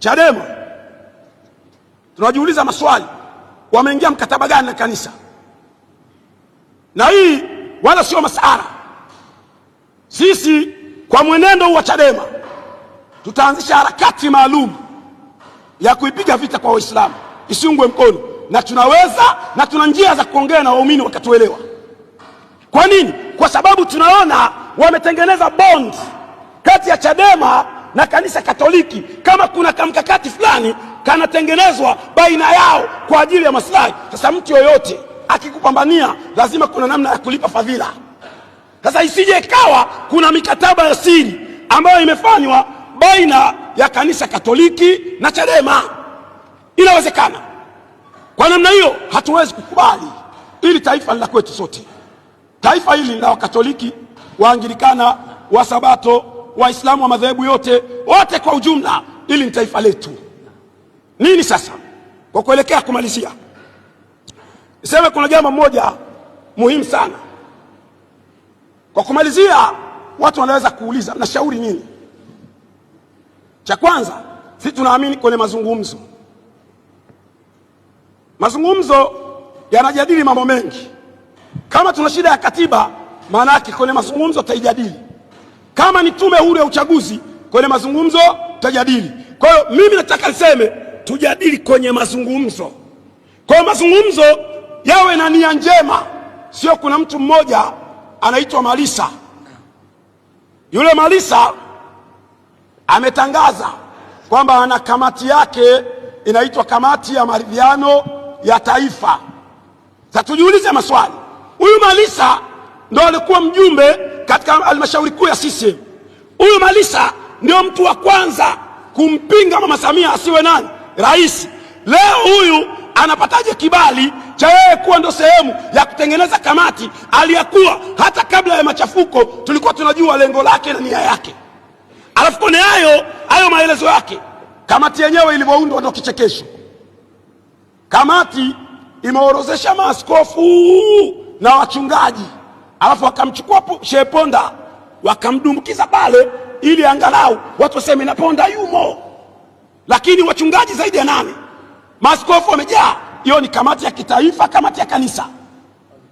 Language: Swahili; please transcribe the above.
Chadema tunajiuliza maswali, wameingia mkataba gani na kanisa? Na hii wala sio masara. Sisi kwa mwenendo wa Chadema tutaanzisha harakati maalum ya kuipiga vita kwa Waislamu isiungwe mkono, na tunaweza na tuna njia za kuongea na waumini wakatuelewa. Kwa nini? Kwa sababu tunaona wametengeneza bond kati ya Chadema na kanisa Katoliki, kama kuna kamkakati fulani kanatengenezwa baina yao kwa ajili ya maslahi. Sasa mtu yoyote akikupambania lazima kuna namna ya kulipa fadhila. Sasa isije ikawa kuna mikataba ya siri ambayo imefanywa baina ya kanisa Katoliki na Chadema. Inawezekana. Kwa namna hiyo hatuwezi kukubali. Ili taifa ni la kwetu sote. Taifa hili la Wakatoliki, Waanglikana, Wasabato Waislamu wa madhehebu yote wote kwa ujumla, ili ni taifa letu. Nini sasa, kwa kuelekea kumalizia, niseme kuna jambo moja muhimu sana kwa kumalizia. Watu wanaweza kuuliza mnashauri nini? Cha kwanza, sisi tunaamini kwenye mazungumzo. Mazungumzo yanajadili mambo mengi. Kama tuna shida ya katiba, maana yake kwenye mazungumzo tutaijadili kama ni tume huru ya uchaguzi, kwenye mazungumzo tutajadili. Kwa hiyo mimi nataka niseme tujadili kwenye mazungumzo, kwa hiyo mazungumzo yawe na nia njema, sio kuna mtu mmoja anaitwa Malisa. Yule Malisa ametangaza kwamba ana kamati yake inaitwa kamati ya maridhiano ya taifa. Sasa tujiulize maswali, huyu Malisa ndo alikuwa mjumbe katika halmashauri kuu ya CCM. Huyu Malisa ndio mtu wa kwanza kumpinga mama Samia asiwe nani rais. Leo huyu anapataje kibali cha yeye kuwa ndo sehemu ya kutengeneza kamati aliyakuwa hata kabla ya machafuko tulikuwa tunajua lengo lake na nia yake. Alafu kone hayo hayo maelezo yake, kamati yenyewe ilivyoundwa ndo kichekesho. Kamati imeorozesha maaskofu na wachungaji alafu wakamchukua Shehe Ponda wakamdumbukiza pale, ili angalau watu waseme na Ponda yumo. Lakini wachungaji zaidi ya nane, maaskofu wamejaa. Hiyo ni kamati ya kitaifa, kamati ya kanisa.